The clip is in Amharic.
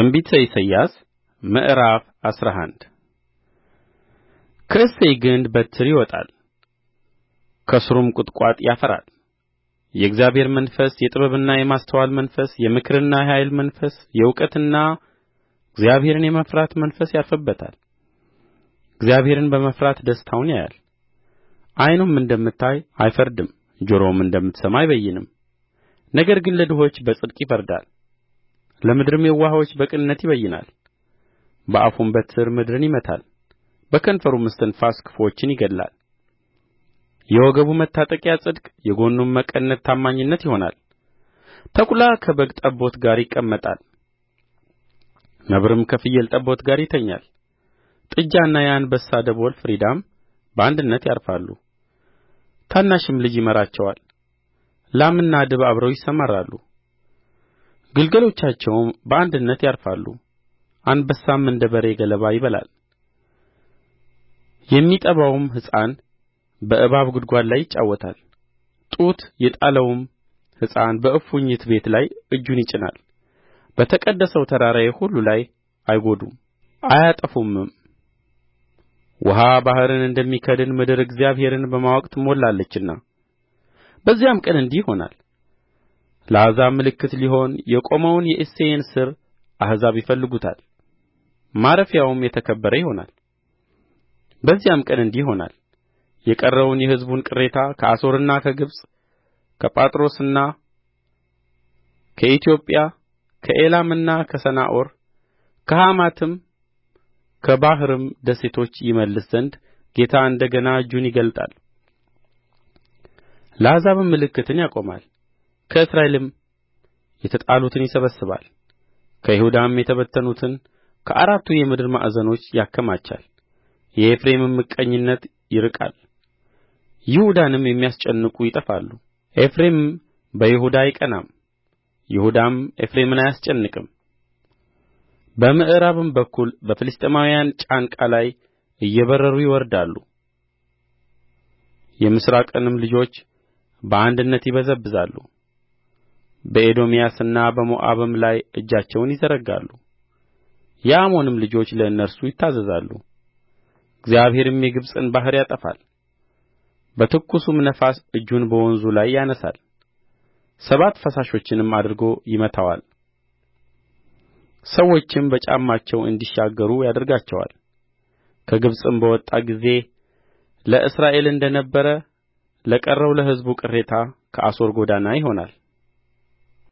ትንቢተ ኢሳይያስ ምዕራፍ አስራ አንድ ከእሴይ ግንድ በትር ይወጣል ከሥሩም ቍጥቋጥ ያፈራል። የእግዚአብሔር መንፈስ የጥበብና የማስተዋል መንፈስ፣ የምክርና የኃይል መንፈስ፣ የእውቀትና እግዚአብሔርን የመፍራት መንፈስ ያርፍበታል። እግዚአብሔርን በመፍራት ደስታውን ያያል። ዓይኑም እንደምታይ አይፈርድም፣ ጆሮውም እንደምትሰማ አይበይንም። ነገር ግን ለድሆች በጽድቅ ይፈርዳል ለምድርም የዋሆች በቅንነት ይበይናል በአፉም በትር ምድርን ይመታል በከንፈሩም እስትንፋስ ክፉዎችን ይገድላል የወገቡ መታጠቂያ ጽድቅ የጎኑም መቀነት ታማኝነት ይሆናል ተኵላ ከበግ ጠቦት ጋር ይቀመጣል ነብርም ከፍየል ጠቦት ጋር ይተኛል ጥጃና የአንበሳ ደቦል ፍሪዳም በአንድነት ያርፋሉ ታናሽም ልጅ ይመራቸዋል ላምና ድብ አብረው ይሰማራሉ ግልገሎቻቸውም በአንድነት ያርፋሉ አንበሳም እንደ በሬ ገለባ ይበላል የሚጠባውም ሕፃን በእባብ ጕድጓድ ላይ ይጫወታል ጡት የጣለውም ሕፃን በእፉኝት ቤት ላይ እጁን ይጭናል በተቀደሰው ተራራዬ ሁሉ ላይ አይጐዱም አያጠፉምም ውኃ ባሕርን እንደሚከድን ምድር እግዚአብሔርን በማወቅ ትሞላለችና በዚያም ቀን እንዲህ ይሆናል ለአሕዛብ ምልክት ሊሆን የቆመውን የእሴይን ሥር አሕዛብ ይፈልጉታል ማረፊያውም የተከበረ ይሆናል በዚያም ቀን እንዲህ ይሆናል የቀረውን የሕዝቡን ቅሬታ ከአሦርና ከግብጽ ከጳትሮስና ከኢትዮጵያ ከኤላምና ከሰናዖር ከሐማትም ከባሕርም ደሴቶች ይመልስ ዘንድ ጌታ እንደ ገና እጁን ይገልጣል ለአሕዛብም ምልክትን ያቆማል ከእስራኤልም የተጣሉትን ይሰበስባል ከይሁዳም የተበተኑትን ከአራቱ የምድር ማዕዘኖች ያከማቻል የኤፍሬምም ምቀኝነት ይርቃል ይሁዳንም የሚያስጨንቁ ይጠፋሉ ኤፍሬም በይሁዳ አይቀናም ይሁዳም ኤፍሬምን አያስጨንቅም በምዕራብም በኩል በፍልስጥኤማውያን ጫንቃ ላይ እየበረሩ ይወርዳሉ የምሥራቅንም ልጆች በአንድነት ይበዘብዛሉ በኤዶምያስና በሞዓብም ላይ እጃቸውን ይዘረጋሉ የአሞንም ልጆች ለእነርሱ ይታዘዛሉ እግዚአብሔርም የግብጽን ባሕር ያጠፋል በትኩሱም ነፋስ እጁን በወንዙ ላይ ያነሣል ሰባት ፈሳሾችንም አድርጎ ይመታዋል ሰዎችም በጫማቸው እንዲሻገሩ ያደርጋቸዋል ከግብጽም በወጣ ጊዜ ለእስራኤል እንደ ነበረ ለቀረው ለሕዝቡ ቅሬታ ከአሦር ጐዳና ይሆናል